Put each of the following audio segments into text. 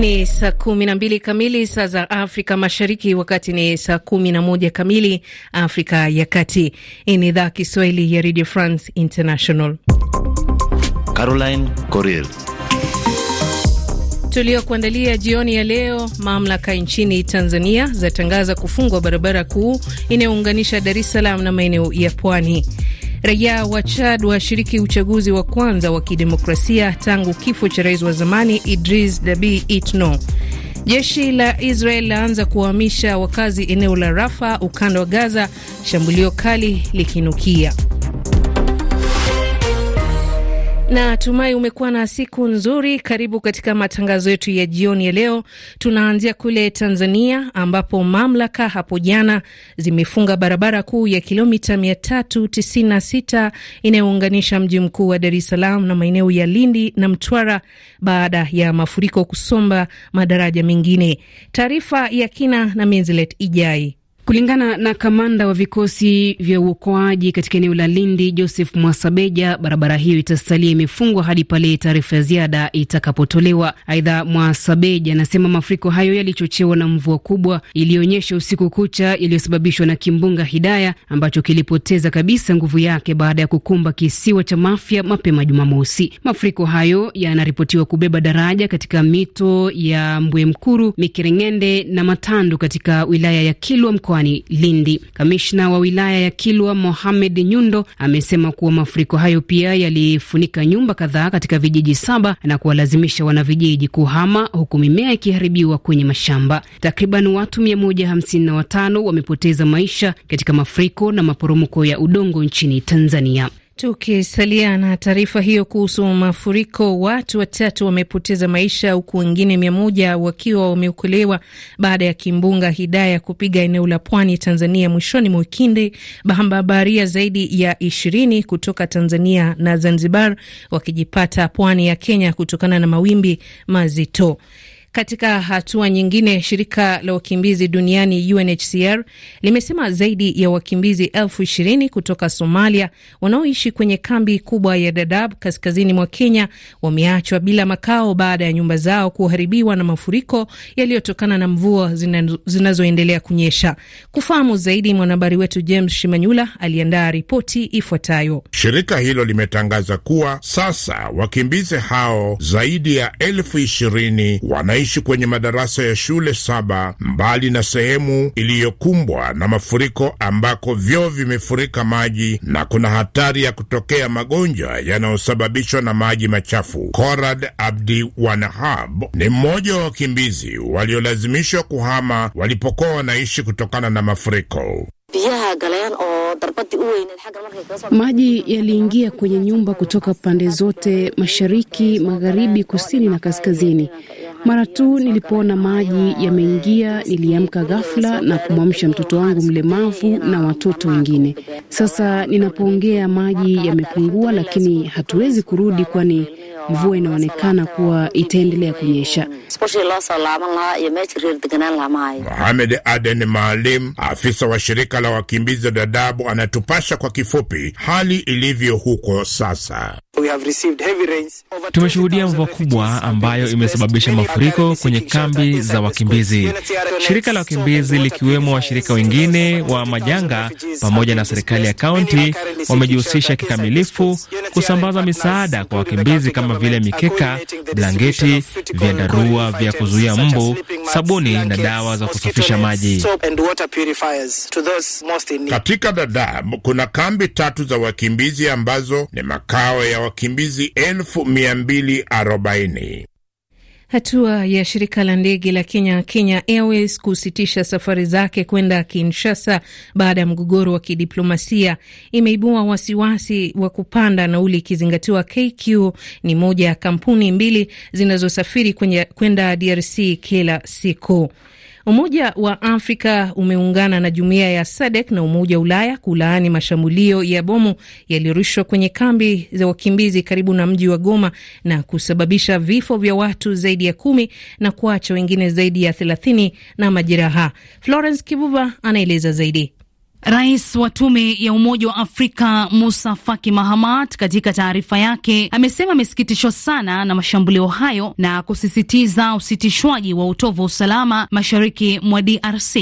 Ni saa kumi na mbili kamili saa za Afrika Mashariki, wakati ni saa kumi na moja kamili Afrika ya Kati. Hii ni idhaa Kiswahili ya Radio France International. Caroline Corir tuliokuandalia jioni ya leo. Mamlaka nchini Tanzania zatangaza kufungwa barabara kuu inayounganisha Dar es Salaam na maeneo ya pwani. Raia wa Chad washiriki uchaguzi wa kwanza wa kidemokrasia tangu kifo cha rais wa zamani Idris Deby Itno. Jeshi la Israel laanza kuwahamisha wakazi eneo la Rafa, ukanda wa Gaza, shambulio kali likinukia na tumai umekuwa na siku nzuri. Karibu katika matangazo yetu ya jioni ya leo. Tunaanzia kule Tanzania ambapo mamlaka hapo jana zimefunga barabara kuu ya kilomita 396 inayounganisha mji mkuu wa Dar es Salaam na maeneo ya Lindi na Mtwara baada ya mafuriko kusomba madaraja mengine. Taarifa ya kina na Menzilet Ijai. Kulingana na kamanda wa vikosi vya uokoaji katika eneo la Lindi, Joseph Mwasabeja, barabara hiyo itasalia imefungwa hadi pale taarifa ya ziada itakapotolewa. Aidha, Mwasabeja anasema mafuriko hayo yalichochewa na mvua kubwa iliyoonyesha usiku kucha, iliyosababishwa na kimbunga Hidaya ambacho kilipoteza kabisa nguvu yake baada ya kukumba kisiwa cha Mafia mapema Jumamosi. Mafuriko hayo yanaripotiwa kubeba daraja katika mito ya Mbwemkuru, Mikerengende na Matandu katika wilaya ya Kilwa mkoani Lindi. Kamishna wa wilaya ya Kilwa Mohamed Nyundo amesema kuwa mafuriko hayo pia yalifunika nyumba kadhaa katika vijiji saba na kuwalazimisha wanavijiji kuhama huku mimea ikiharibiwa kwenye mashamba. Takriban watu 155 wamepoteza maisha katika mafuriko na maporomoko ya udongo nchini Tanzania. Tukisalia na taarifa hiyo kuhusu mafuriko, watu watatu wamepoteza maisha huku wengine mia moja wakiwa wameokolewa baada ya kimbunga Hidaya kupiga eneo la pwani Tanzania mwishoni mwa wikendi. Mabaharia zaidi ya ishirini kutoka Tanzania na Zanzibar wakijipata pwani ya Kenya kutokana na mawimbi mazito. Katika hatua nyingine, shirika la wakimbizi duniani UNHCR limesema zaidi ya wakimbizi elfu ishirini kutoka Somalia wanaoishi kwenye kambi kubwa ya Dadaab kaskazini mwa Kenya wameachwa bila makao baada ya nyumba zao kuharibiwa na mafuriko yaliyotokana na mvua zinazoendelea kunyesha. Kufahamu zaidi, mwanahabari wetu James Shimanyula aliandaa ripoti ifuatayo. Shirika hilo limetangaza kuwa sasa wakimbizi hao zaidi ya elfu ishirini wana wanaishi kwenye madarasa ya shule saba mbali na sehemu iliyokumbwa na mafuriko ambako vyoo vimefurika maji na kuna hatari ya kutokea magonjwa yanayosababishwa na maji machafu. Korad Abdi Wanahab ni mmoja wa wakimbizi waliolazimishwa kuhama walipokuwa wanaishi kutokana na mafuriko. Maji yaliingia kwenye nyumba kutoka pande zote, mashariki, magharibi, kusini na kaskazini. Mara tu nilipoona maji yameingia, niliamka ghafla na kumwamsha mtoto wangu mlemavu na watoto wengine. Sasa ninapoongea maji yamepungua, lakini hatuwezi kurudi, kwani mvua inaonekana kuwa itaendelea kunyesha. Mohamed Aden Maalim, afisa wa shirika la wakimbizi Dadabu, anatupasha kwa kifupi hali ilivyo huko sasa. Tumeshuhudia mvua kubwa ambayo imesababisha mafuriko kwenye kambi za wakimbizi. Shirika la wakimbizi likiwemo washirika wengine wa majanga pamoja na serikali ya kaunti wamejihusisha kikamilifu kusambaza misaada kwa wakimbizi kama vile mikeka, blangeti, vyandarua vya kuzuia mbu, sabuni na dawa za kusafisha maji. Katika Dadaab kuna kambi tatu za wakimbizi ambazo ni makao ya wakimbizi elfu mia mbili arobaini. Hatua ya shirika la ndege la Kenya, Kenya Airways, kusitisha safari zake kwenda Kinshasa baada ya mgogoro wa kidiplomasia imeibua wasiwasi wa kupanda nauli, ikizingatiwa KQ ni moja ya kampuni mbili zinazosafiri kwenda DRC kila siku. Umoja wa Afrika umeungana na jumuiya ya SADC na Umoja wa Ulaya kulaani mashambulio ya bomu yaliyorushwa kwenye kambi za wakimbizi karibu na mji wa Goma na kusababisha vifo vya watu zaidi ya kumi na kuacha wengine zaidi ya thelathini na majeraha. Florence Kibuva anaeleza zaidi. Rais wa Tume ya Umoja wa Afrika Musa Faki Mahamat katika taarifa yake amesema amesikitishwa sana na mashambulio hayo na kusisitiza usitishwaji wa utovu wa usalama mashariki mwa DRC.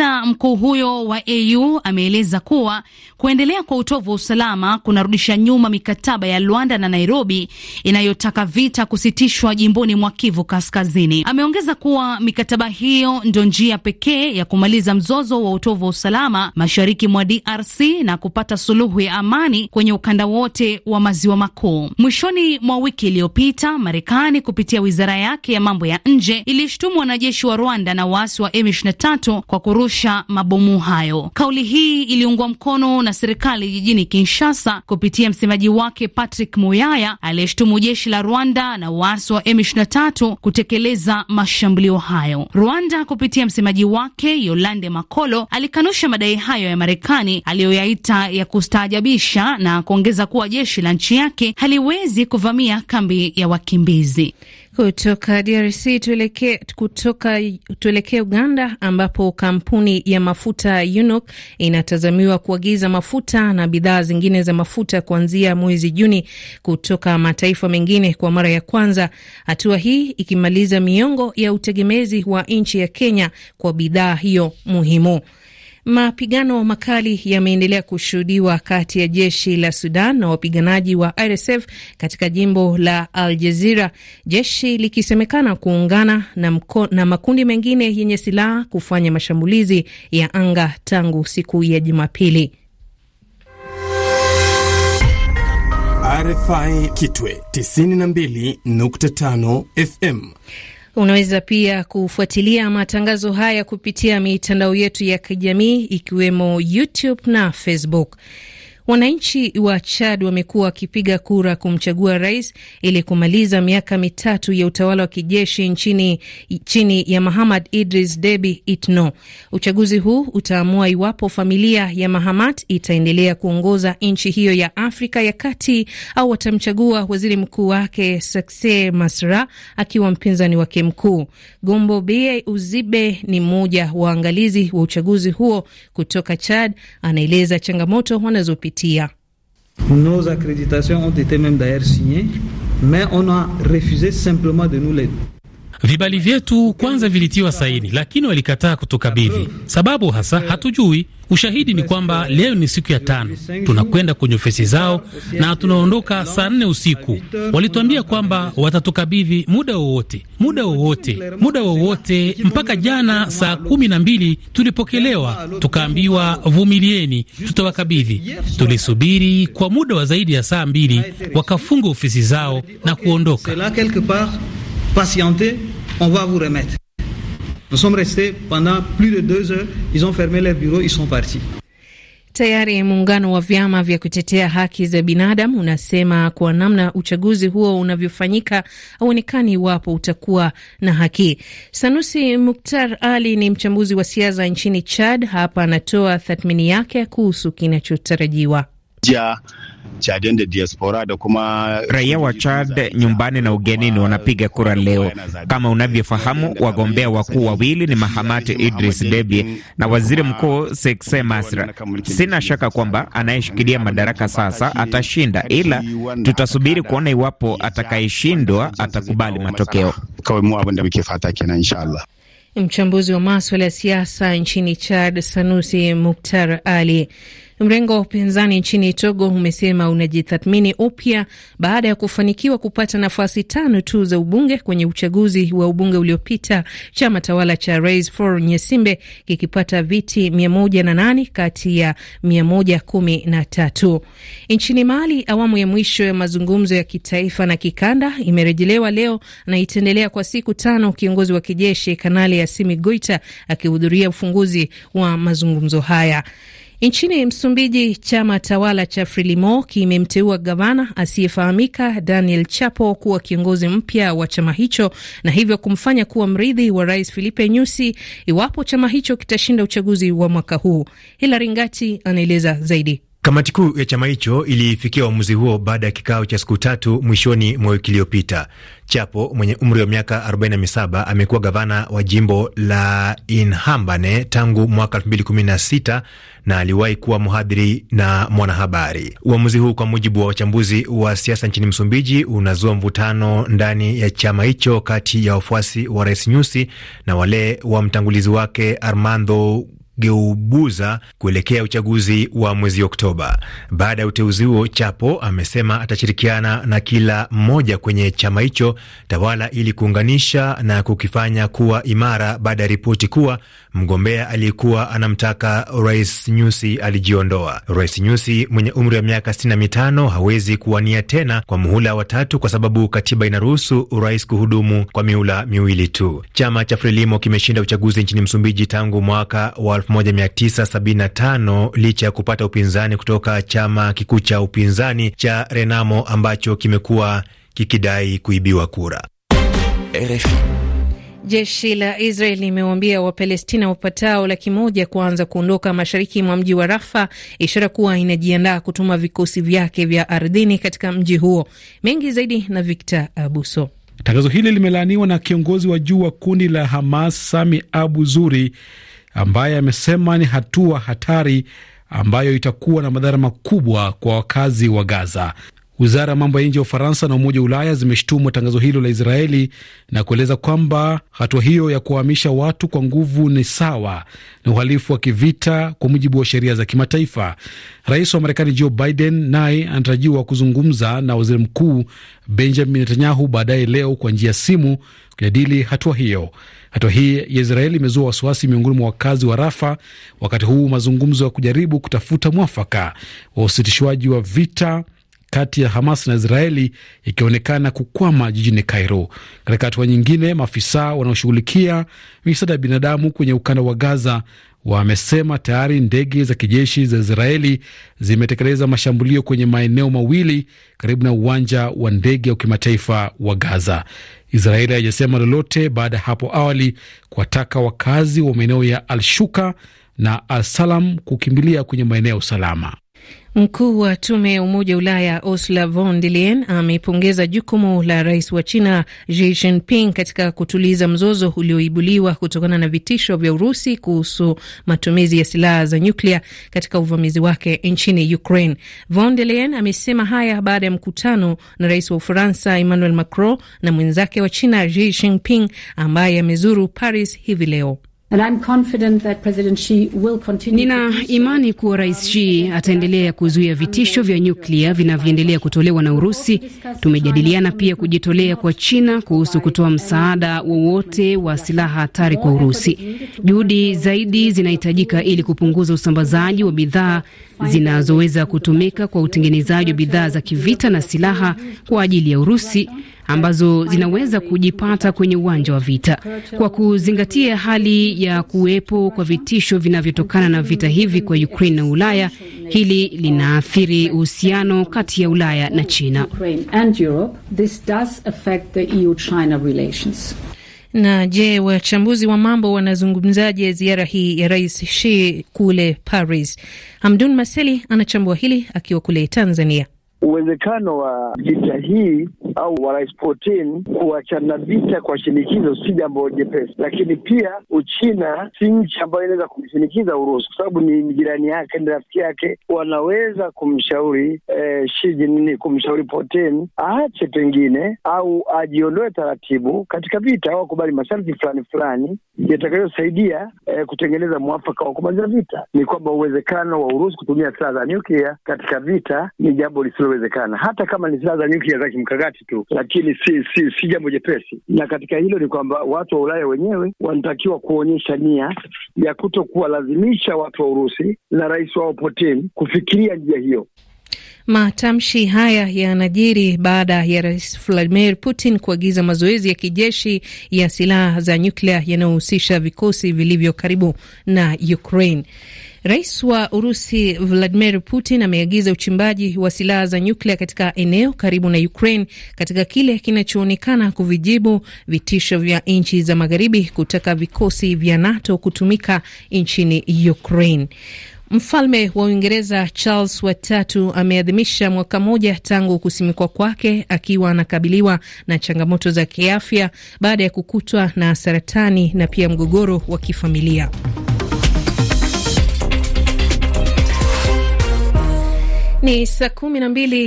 Aidha, mkuu huyo wa AU ameeleza kuwa kuendelea kwa utovu wa usalama kunarudisha nyuma mikataba ya Luanda na Nairobi inayotaka vita kusitishwa jimboni mwa Kivu Kaskazini. Ameongeza kuwa mikataba hiyo ndio njia pekee ya kumaliza mzozo wa utovu wa usalama mashariki mwa DRC na kupata suluhu ya amani kwenye ukanda wote wa maziwa makuu. Mwishoni mwa wiki iliyopita, Marekani kupitia wizara yake ya mambo ya nje ilishtumu wanajeshi wa Rwanda na waasi wa M23 kwa kuru kurusha mabomu hayo. Kauli hii iliungwa mkono na serikali jijini Kinshasa kupitia msemaji wake Patrick Muyaya aliyeshutumu jeshi la Rwanda na waasi wa M23 kutekeleza mashambulio hayo. Rwanda kupitia msemaji wake Yolande Makolo alikanusha madai hayo ya Marekani aliyoyaita ya kustaajabisha na kuongeza kuwa jeshi la nchi yake haliwezi kuvamia kambi ya wakimbizi. Kutoka DRC tuelekee kutoka tuelekee Uganda ambapo kampuni ya mafuta UNOC inatazamiwa kuagiza mafuta na bidhaa zingine za mafuta kuanzia mwezi Juni kutoka mataifa mengine kwa mara ya kwanza, hatua hii ikimaliza miongo ya utegemezi wa nchi ya Kenya kwa bidhaa hiyo muhimu. Mapigano makali yameendelea kushuhudiwa kati ya jeshi la Sudan na wapiganaji wa RSF katika jimbo la Al Jazira, jeshi likisemekana kuungana na, mko, na makundi mengine yenye silaha kufanya mashambulizi ya anga tangu siku ya Jumapili. RFI Kitwe 92.5 FM Unaweza pia kufuatilia matangazo haya kupitia mitandao yetu ya kijamii ikiwemo YouTube na Facebook. Wananchi wa Chad wamekuwa wakipiga kura kumchagua rais ili kumaliza miaka mitatu ya utawala wa kijeshi nchini chini ya Mahamad Idris debi Itno. Uchaguzi huu utaamua iwapo familia ya Mahamat itaendelea kuongoza nchi hiyo ya Afrika ya Kati au watamchagua waziri mkuu wake Sakse Masra akiwa mpinzani wake mkuu. Gombo Bie Uzibe ni mmoja waangalizi wa uchaguzi huo kutoka Chad, anaeleza changamoto wanazopitia Nos accréditations ont été même d'ailleurs signées, mais on a refusé simplement de nous les Vibali vyetu kwanza vilitiwa saini, lakini walikataa kutukabidhi. Sababu hasa hatujui. Ushahidi ni kwamba leo ni siku ya tano, tunakwenda kwenye ofisi zao na tunaondoka saa nne usiku. Walituambia kwamba watatukabidhi muda wowote, muda wowote, muda wowote. Mpaka jana saa kumi na mbili tulipokelewa, tukaambiwa vumilieni, tutawakabidhi. Tulisubiri kwa muda wa zaidi ya saa mbili, wakafunga ofisi zao na kuondoka patientez, on va vous remettre. Nous sommes restés pendant plus de deux heures, ils ont fermé leur bureau, ils sont partis. Tayari muungano wa vyama vya kutetea haki za binadamu unasema kwa namna uchaguzi huo unavyofanyika hauonekani iwapo utakuwa na haki. Sanusi Muktar Ali ni mchambuzi wa siasa nchini Chad. Hapa anatoa tathmini yake kuhusu kinachotarajiwa ja Chadian da diaspora da kuma raia wa Chad nyumbani na ugenini wanapiga kura leo. Kama unavyofahamu, wagombea wakuu wawili ni Mahamat Idris Deby na waziri mkuu Sekse Masra. Sina shaka kwamba anayeshikilia madaraka sasa atashinda, ila tutasubiri kuona iwapo atakayeshindwa atakubali matokeo. Mchambuzi wa maswala ya siasa nchini Chad, Sanusi Muktar Ali. Mrengo wa upinzani nchini Togo umesema unajitathmini upya baada ya kufanikiwa kupata nafasi tano tu za ubunge kwenye uchaguzi wa ubunge uliopita, chama tawala cha Rais for Nyesimbe kikipata viti 108 kati ya 113. Nchini Mali, awamu ya mwisho ya mazungumzo ya kitaifa na kikanda imerejelewa leo na itaendelea kwa siku tano, kiongozi wa kijeshi Kanali Assimi Goita akihudhuria ufunguzi wa mazungumzo haya. Nchini Msumbiji, chama tawala cha Frelimo kimemteua gavana asiyefahamika Daniel Chapo kuwa kiongozi mpya wa chama hicho na hivyo kumfanya kuwa mrithi wa rais Filipe Nyusi iwapo chama hicho kitashinda uchaguzi wa mwaka huu. Hilari Ngati anaeleza zaidi. Kamati kuu ya chama hicho ilifikia uamuzi huo baada ya kikao cha siku tatu mwishoni mwa wiki iliyopita. Chapo mwenye umri wa miaka 47 amekuwa gavana wa jimbo la Inhambane tangu mwaka 2016 na aliwahi kuwa mhadhiri na mwanahabari. Uamuzi huu, kwa mujibu wa wachambuzi wa siasa nchini Msumbiji, unazua mvutano ndani ya chama hicho kati ya wafuasi wa Rais Nyusi na wale wa mtangulizi wake Armando kugeubuza kuelekea uchaguzi wa mwezi Oktoba. Baada ya uteuzi huo, Chapo amesema atashirikiana na kila mmoja kwenye chama hicho tawala ili kuunganisha na kukifanya kuwa imara baada ya ripoti kuwa mgombea aliyekuwa anamtaka Rais Nyusi alijiondoa. Rais Nyusi mwenye umri wa miaka 65 hawezi kuwania tena kwa muhula wa tatu kwa sababu katiba inaruhusu rais kuhudumu kwa mihula miwili tu. Chama cha Frelimo kimeshinda uchaguzi nchini Msumbiji tangu mwaka wa 1975 licha ya kupata upinzani kutoka chama kikuu cha upinzani cha Renamo ambacho kimekuwa kikidai kuibiwa kura. RFI. Jeshi la Israel limewaambia Wapalestina wapatao laki moja kuanza kuondoka mashariki mwa mji wa Rafa, ishara kuwa inajiandaa kutuma vikosi vyake vya ardhini katika mji huo. Mengi zaidi na Victor Abuso. Tangazo hili limelaaniwa na kiongozi wa juu wa kundi la Hamas Sami Abu Zuri, ambaye amesema ni hatua hatari ambayo itakuwa na madhara makubwa kwa wakazi wa Gaza. Wizara ya mambo ya nje ya Ufaransa na Umoja wa Ulaya zimeshtumwa tangazo hilo la Israeli na kueleza kwamba hatua hiyo ya kuwahamisha watu kwa nguvu ni sawa na uhalifu wa kivita kwa mujibu wa sheria za kimataifa. Rais wa Marekani Joe Biden naye anatarajiwa kuzungumza na waziri mkuu Benjamin Netanyahu baadaye leo kwa njia ya simu kujadili hatua hiyo. Hatua hii ya Israeli imezua wasiwasi miongoni mwa wakazi wa Rafa, wakati huu mazungumzo ya kujaribu kutafuta mwafaka wa usitishwaji wa vita kati ya Hamas na Israeli ikionekana kukwama jijini Cairo. Katika hatua nyingine, maafisa wanaoshughulikia misaada ya binadamu kwenye ukanda wa Gaza wamesema tayari ndege za kijeshi za Israeli zimetekeleza mashambulio kwenye maeneo mawili karibu na uwanja wa ndege wa kimataifa wa Gaza. Israeli haijasema lolote baada ya hapo awali kuwataka wakazi wa maeneo ya Al Shuka na Al Salam kukimbilia kwenye maeneo salama. Mkuu wa tume ya Umoja wa Ulaya Ursula von der Leyen amepongeza jukumu la rais wa China Xi Jinping katika kutuliza mzozo ulioibuliwa kutokana na vitisho vya Urusi kuhusu matumizi ya silaha za nyuklia katika uvamizi wake nchini Ukraine. Von der Leyen amesema haya baada ya mkutano na rais wa Ufaransa Emmanuel Macron na mwenzake wa China Xi Jinping ambaye amezuru Paris hivi leo. Nina imani kuwa Rais Xi ataendelea kuzuia vitisho vya nyuklia vinavyoendelea kutolewa na Urusi. Tumejadiliana pia kujitolea kwa China kuhusu kutoa msaada wowote wa silaha hatari kwa Urusi. Juhudi zaidi zinahitajika ili kupunguza usambazaji wa bidhaa zinazoweza kutumika kwa utengenezaji wa bidhaa za kivita na silaha kwa ajili ya Urusi ambazo zinaweza kujipata kwenye uwanja wa vita. Kwa kuzingatia hali ya kuwepo kwa vitisho vinavyotokana na vita hivi kwa Ukraine na Ulaya, hili linaathiri uhusiano kati ya Ulaya na China. Na je, wachambuzi wa mambo wanazungumzaje ziara hii ya Rais Xi kule Paris? Hamdun Maseli anachambua hili akiwa kule Tanzania uwezekano wa vita hii au wa Rais Putin kuachana vita kwa shinikizo si jambo jepesi, lakini pia Uchina si nchi ambayo inaweza kumshinikiza Urusi kwa sababu ni jirani yake, ni rafiki yake. Wanaweza kumshauri eh, Xi kumshauri Putin aache pengine au ajiondoe taratibu katika vita au akubali masharti fulani fulani yatakayosaidia eh, kutengeneza mwafaka wa kumaliza vita. Ni kwamba uwezekano wa Urusi kutumia silaha za nyuklia katika vita ni jambo lisilo linalowezekana, hata kama ni silaha za nyuklia za kimkakati tu, lakini si si, si jambo jepesi. Na katika hilo ni kwamba watu wa Ulaya wenyewe wanatakiwa kuonyesha nia ya kuto kuwalazimisha watu wa Urusi na rais wao Putin kufikiria njia hiyo. Matamshi haya yanajiri baada ya rais Vladimir Putin kuagiza mazoezi ya kijeshi ya silaha za nyuklia yanayohusisha vikosi vilivyo karibu na Ukraine. Rais wa Urusi Vladimir Putin ameagiza uchimbaji wa silaha za nyuklia katika eneo karibu na Ukraine katika kile kinachoonekana kuvijibu vitisho vya nchi za magharibi kutaka vikosi vya NATO kutumika nchini Ukraine. Mfalme wa Uingereza Charles watatu ameadhimisha mwaka mmoja tangu kusimikwa kwake akiwa anakabiliwa na changamoto za kiafya baada ya kukutwa na saratani na pia mgogoro wa kifamilia. Ni saa kumi na mbili.